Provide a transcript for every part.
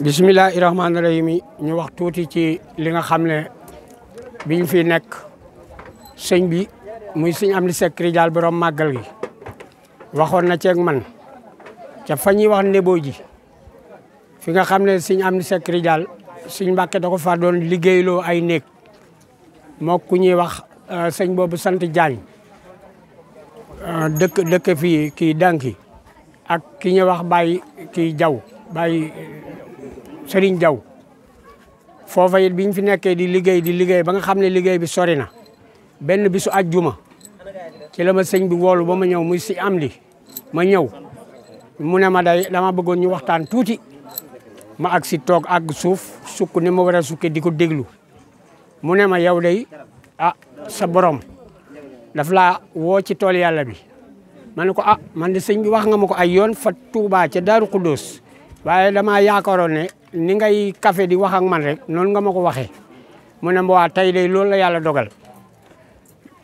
Bismillahirrahmanirrahim. ñu wax tuti ci li nga xam biñ fi nek señ bi muy señ amli Seck dal borom magal gi waxon na ak man ca fañi ligelo wax Nebo ji fi nga xam señ amli Amdy dal señ sëñ Mbàkke da ko fa doon liggéeyloo ay nek ku ñi wax euh, señ bobu sante jañ euh, dekk dekk fi ki Danki ak ki ñi wax Baye ki Jaw Baye Serigne Diaw fofa yit biñ fi nekké di liggéey di liggéey ba nga xamné liggéey bi sori na benn bisu aljuma ci lama serigne bi wolu ba ñew muy ci amli ma ñew mu ne ma day dama bëggoon ñu waxtaan tuuti ma ak si tok ak suuf sukk ni ma wara a diko déglu mu ne ma yow day ah sa borom daf la wo ci tol yalla bi ko ah man de serigne bi wax nga mako ay yoon fa touba ci daru qudus waye dama yaakarone ni ngay café di wax ak man rek non nga mako waxe mune mu ne ma waa la yalla dogal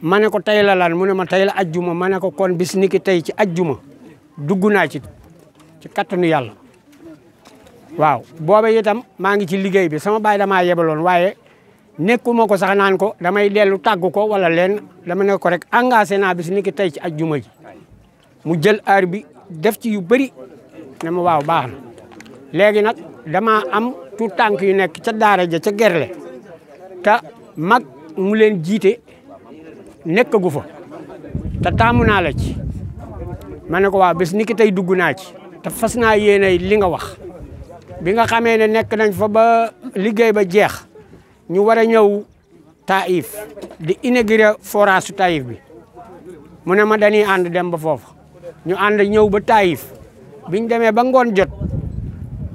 mané ko tay la lan mu ma tay la aljuma mané ko kon bis niki tay ci aljuma duguna ci ci katanu yalla waaw bobé itam ma ngi ci bi sama bay dama yebalon waaye nekkuma ko sax nan ko damay delu tàggu ko wala len dama ne ko rek engagé na bis niki tay ci aljuma ji mu jël arbi def ci yu bari waaw baax légui nak dama am tout tank yu nek ca daara ja ca gerle ta mag mu len jité nek gufa ta tamuna la ci ma ne ko waaw bés ni ki tey ci ta fasna yene li nga wax bi nga xamé ne nek nañ fa ba ba jeex ñu wara ñew taif di inaugurer forage su bi mune ma dañi and dem ba fofu ñu and ñew ba taif biñ démé ba ngon jot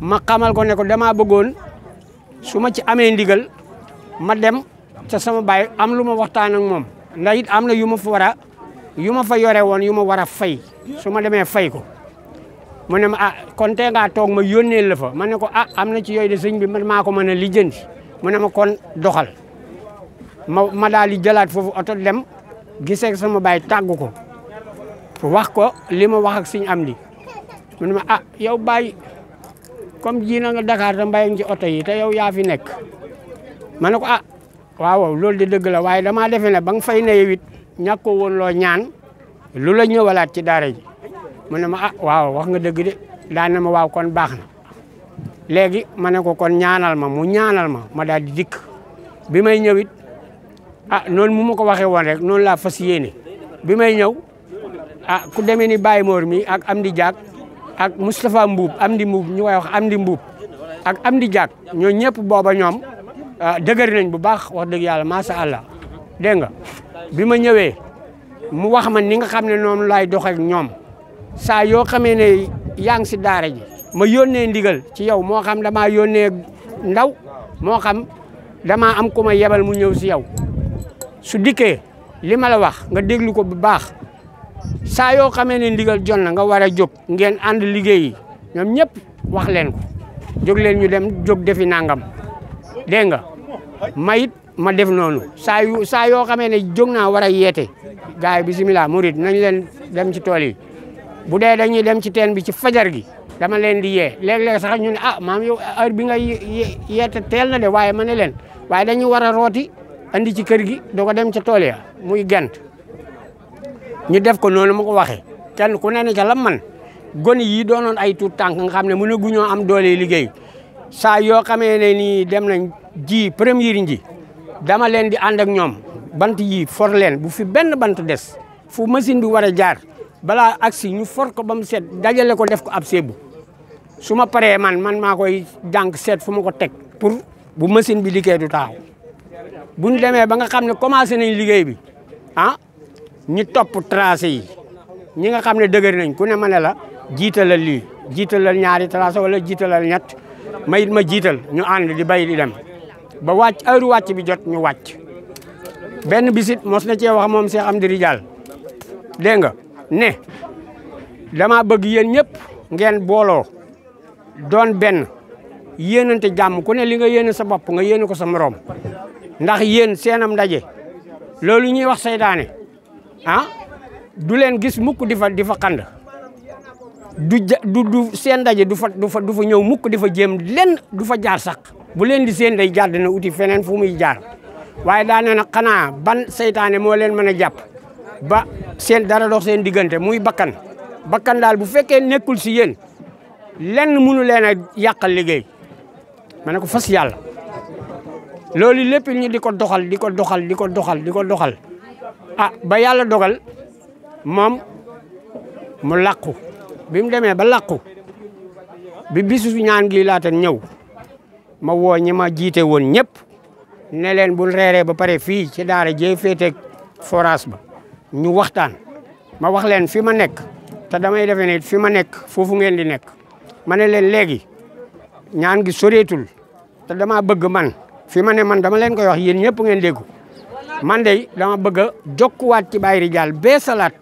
ma xamal ko ne ko damaa bëggoon su ma ci amee ndigal ma dem ca sama baay am lu ma waxtaan ak moom ndax it am na yu ma fa war a yu ma fa yore woon yu ma war a fay su ma demee fay ko mu ne ma ah kon toog ma yónneel la fa ne ko ah am na ci yooyu de bi man maa ko mën a lijjanti mu ma kon doxal ma ma daal di jëlaat foofu oto dem gisee sama baay tàggu ko wax ko li wax ak sëñ am li ah, baay comme ji na nga Dakar da bayang ci auto yi te yow ya fi nek manako ah waaw loolu di deug la waye dama defé ne bang fay ne wit ñako won lo ñaan lu la ci daara ji mu ma ah waaw wax nga deug de da na ma waaw kon baax na léegi ko kon ñaanal ma mu ñaanal ma ma dal di dik ah, bi may ñëw ah non mu mako won rek non la bi may ñew ah ku ni Baye Mor mi ak Amdi jak ak Moustapha Amdi amdi di ñu way wax amdi di ak amdi jak ñoo ñepp boba ñom ah, degeer nañ bu baax wax yalla ma sha allah de nga bima ñewé mu wax ma ni nga xamné non lay dox ak ñom sa yo xamé né yaa ci daara ji ma ndigal ci yow mo xam dama yónnee ndaw mo xam dama am kuma yebal mu ñew ci yow su dikke lima la wax nga deglu ko bu baax sa yo xamee ne ndigal jonne nga wara jog ngeen ànd liggéey yi ñoom wax leen ko len ñu dem jog defi nangam nga mayit ma def nonu sa yo sa yo xamee ne jóg naa war murid nañ leen dem ci tool yi bu dee dañuy dem ci bi ci fajar gi dama len di yee léeg-léeg sax ñun ah maam yow heure bi nga yeete teel na de waaye mané ne leen dañuy wara roti andi ci kër gi doo dem ci tool ya muy gante ñu def ko noonu moo ko waxee kenn ku ne ni ca la man gone yi doonoon ay tuut tànk nga xam ne mën guñoo am doole liggéey saa yoo xamee ne nii dem nañ ji première nji dama leen di ànd ak ñoom bant yi for leen bu fi benn bant des fu machine bi war a jaar balaa agsi ñu for ko ba mu set dajale ko def ko ab seebu su ma paree man man maa koy jànk seet fu ma ko teg pour bu machine bi liggéey du taaw bu ñu demee ba nga xam ne commencé nañ liggéey bi ah ñi top tracé yi ñi nga xam ne dëgër nañ ku ne ma la jiitalal li jiitalal ñaari tracé wala jiitalal ñatt mayit ma jital ñu and di bay di dem ba wacc heure wacc bi jot ñu wacc benn bisit mos na ci wax mom Cheikh Amdi Rijal dégg nga ne dama bëgg yeen ñëpp ngeen don don ben yeenante jam, ku ne li nga yeen sa bop nga yeen ko sa morom ndax yeen senam ndaje lolou ñi wax seydane ah du len gis mukk difa difa kand du du du seen du fa du fa du fa ñew mukk di jëm len du fa jaar sax bu len di sen day jaar dana uti fenen fu muy jaar waye da na xana ban seytaane mo len mën mana ba sen dara dox sen diggante muy bakkan bakkan daal bu fekkee nekkul ci yeen len mënu len a yàqal mané ko fas yalla loolu lepp ñi di doxal di doxal di doxal di doxal ah ba yalla dogal mom mu laqku bi demé ba laqku bi bisu ñaan gi tan ñew ma wo ñima jité won ñep ne len bu réré ba pare fi ci daara jé fété forage ba ñu waxtaan ma wax len fi ma nek ta damay défé ne fi ma nek fofu ngeen di nek mané len légui ñaan gi sorétul ta dama bëgg man fi mané man dama len koy wax yeen ñep ngeen déggu man day dama bëgg a jokkuwaat ci Baye Ridial salat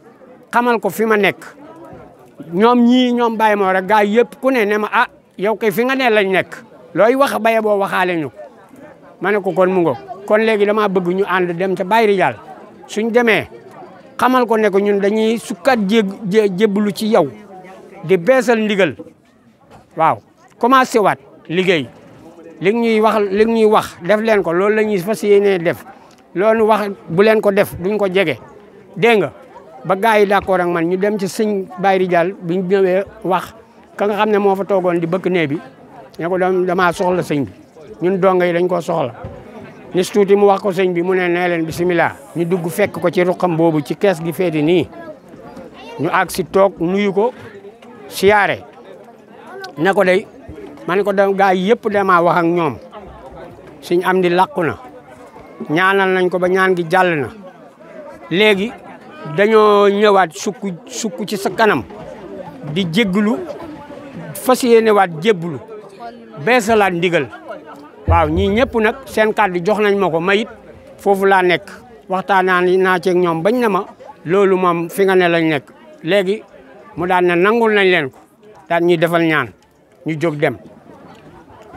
xamal ko fi ma nekk ñoom ñii ñoom Baye moo rek gaay yépp ku ne ne ma ah yow kay fi nga ne lañ nekk loy wax baye bo waxaale ñu ma ko kon mu ngo kon légui dama bëgg ñu and dem ci Baye Ridial suñ démé xamal ko ne ko ñun dañuy sukkat jé jébbalu ci yow di beesal ndigal waaw commencé waat liggéey li ñuy wax li ñuy wax def leen ko loolu lañuy ñuy def loolu wax bu len ko def duñ ko jégué dé nga ba gaay yi d'accord ak man ñu dem ci sëñ Bayri Diall biñ ñëwé wax ka nga xamné mo fa togon di bëkk né bi ne ko sing, soxla sëñ bi ñun dañ ko soxla ni stuti mu wax ko sëñ bi mu né né len bismillah ñu dugg fekk ko ci ruqam bobu ci caisse gi fédi ni ñu ak ci tok nuyu ko siaré ne ko day man ko dem gaay yépp dama wax ak ñom am di ñaanal nañ ko ba ñaan gi jall na léegi dañoo ñëwaat sukku sukku ci sa kanam di jégglu fas waat jéblu beesalaat ndigal waaw ñi ñëpp nag seen kàddu jox nañ ma ko mayit foofu laa nekk waxtaan naa naa ceeg ñoom bañ na ma loolu moom fi nga ne lañ nekk léegi mu daan ne nangul nañ leen ko daan ñuy defal ñaan ñu jóg dem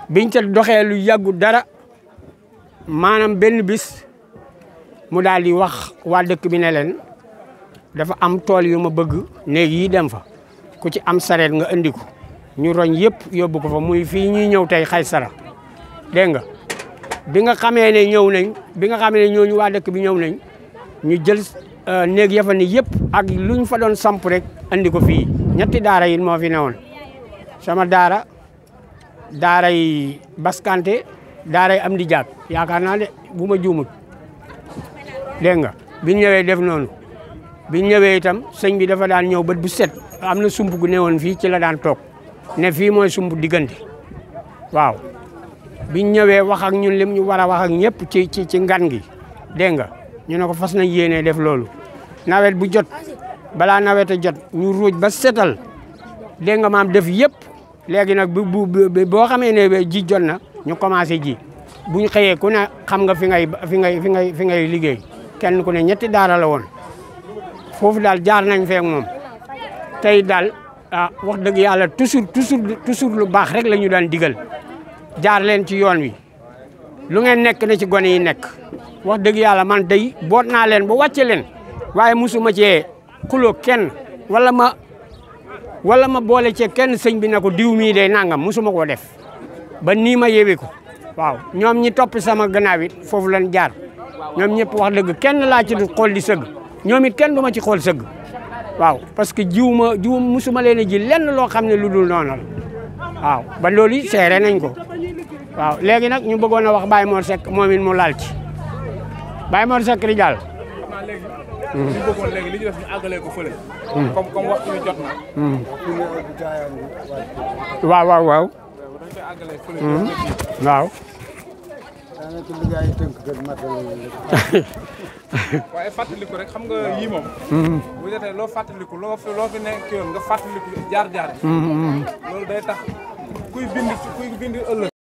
biñ ca doxee lu yàggu dara maanaam benn bis mu daal di wax waa dëkk bi ne leen dafa am tool yu ma bëgg néeg yi dem fa ku ci am sareet nga indi ko ñu roñ yëpp yóbbu ko fa muy fii ñuy ñëw tey Xaysara dégg nga bi nga xamee ne ñëw nañ bi nga xamee ne ñooñu waa dëkk bi ñëw nañ ñu jël euh, néeg yafa ni yëpp ak luñ fa doon samp rek andi ko fii ñetti daara yi moo fi newoon sama daara daara yi baskante daaray am di jaag yaakaar naa ne bu a juumut dégg nga biñ ñëwee def noonu biñ ñëwee itam sëñ bi dafa daan ñëw bët bu set am na sump gu newoon fii ci la daan toog ne fii mooy sump diggante waaw biñ ñëwee wax ak ñun lim ñu war a wax ak ñëpp ci ci ci ngan gi dégg nga ñu ne ko fas nañ yéenee def loolu nawet bu jot balaa nawet a jot ñu ruuj ba setal dégg nga maam def yëpp léegi nag bu boo xamee ne ji jot na ñu commencé ji bu ñu xëyee ku ne xam nga fi ngay fi ngay fi ngay fi ngay liggéey kenn ku ne ñetti daara la woon foofu daal jaar nañ feek moom tey daal ah wax dëgg yàlla toujours toujours toujours lu baax rek la ñu daan digal jaar leen ci yoon wi lu ngeen nekk na ci gone yi nekk wax dëgg yàlla man day boot naa leen ba wàcce leen waaye musuma cee xuloo kenn wala ma wala ma boole cee kenn sëñ bi na ko diw mii day nangam musuma koo def ba nii ma yeewee ko waaw ñoom ñi topp sama gannaaw it foofu lañ jaar ñoom ñëpp wax dëgg kenn laa ci du xool di sëgg ñoom it kenn du ma ci xool sëgg waaw parce que jiw ma jiw musuma leen a ji lenn loo xam ne lu dul noonu la waaw ba loolu it seere nañ ko waaw léegi nag ñu bëggoon a wax Baye Mor Seck moom it mu laal ci Baye Mor Seck di jàll. li ñu bëggoon léegi li ko fële. Hmm. comme hmm. waaw waaw. Hmm? waaw. daanaka li gars yi tënk kër matal rek xam nga yii moom. Hmm. bu ñu defee loo fàttaliku loo fi loo fi nekk yoon nga fàttaliku jaar jaar. Hmm, loolu day tax kuy bind kuy bind ëllëg.